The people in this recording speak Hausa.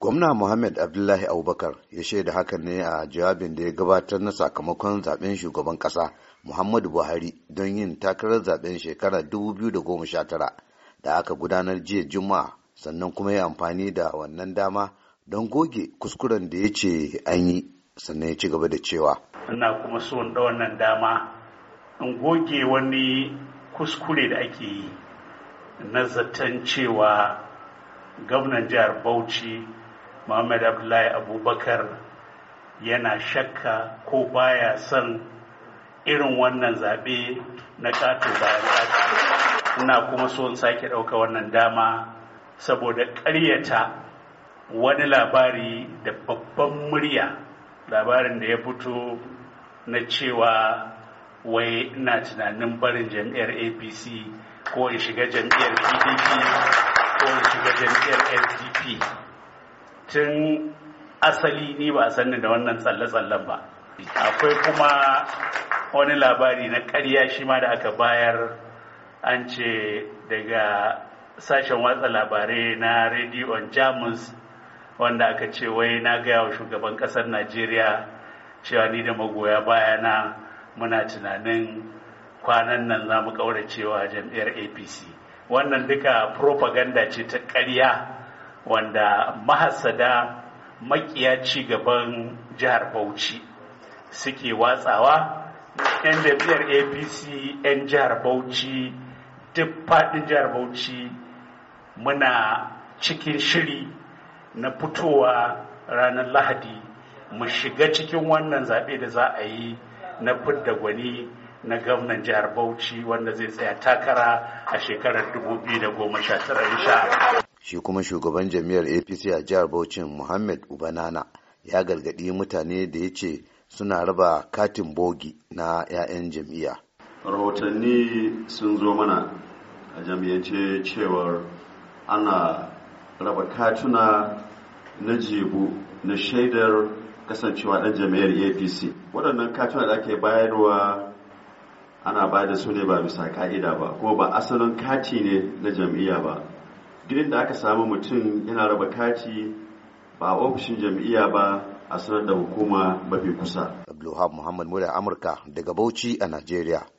Gwamna Muhammad Abdullahi Abubakar ya shaida hakan ne a jawabin da ya gabatar na sakamakon zaben shugaban ƙasa Muhammadu Buhari don yin takarar zaben shekarar 2019 da aka gudanar jiya Juma'a sannan kuma ya amfani da wannan dama don goge kuskuren da ya ce an yi sannan ya ci gaba da cewa. Ina kuma so da wannan dama in goge wani kuskure da ake yi na zaton cewa gwamnan jihar Bauchi muhammad abdullahi abubakar yana shakka ko baya son irin wannan zaɓe na ƙato bayan ƙato ina kuma so in sake ɗauka wannan dama saboda ƙaryata wani labari da babban murya labarin da ya fito na cewa wai ina tunanin barin jam'iyyar apc ko in shiga jam'iyyar pdp ko in shiga jam'iyyar sdp tun asali ni ba a ni da wannan tsalle-tsallen ba akwai kuma wani labari na karya shi ma da aka bayar an ce daga sashen watsa labarai na rediyon jamus wanda aka ce wai na gaya wa shugaban ƙasar najeriya cewa ni da magoya bayana muna tunanin kwanan nan za mu cewa jam'iyyar apc wannan duka propaganda ce ta karya wanda mahasada makiya ci gaban jihar bauchi suke watsawa yan jam'iyyar apc yan jihar bauchi duk faɗin jihar bauchi muna cikin shiri na fitowa ranar lahadi mu shiga cikin wannan zaɓe da za a yi na fidda gwani na gwamnan jihar bauchi wanda zai tsaya takara a shekarar 2019 insha shi kuma shugaban jami'ar apc a jihar bauchi muhammad ubanana ya gargaɗi mutane da ya ce suna raba katin bogi na 'ya'yan jami'a. rahotanni sun zo mana a jami'ance cewar ana raba katuna na jebu na shaidar kasancewa ɗan jami'ar apc waɗannan katuna da ake bayarwa ana ba da su ne ba bisa ka'ida ba ko ba asalin kati ne na jam'iyya ba duk da aka samu mutum yana raba kaci ba a ofishin jam'iyya ba a sanar da hukuma mafi kusa. Abdulhab Muhammad Mura Amurka daga Bauchi a Najeriya.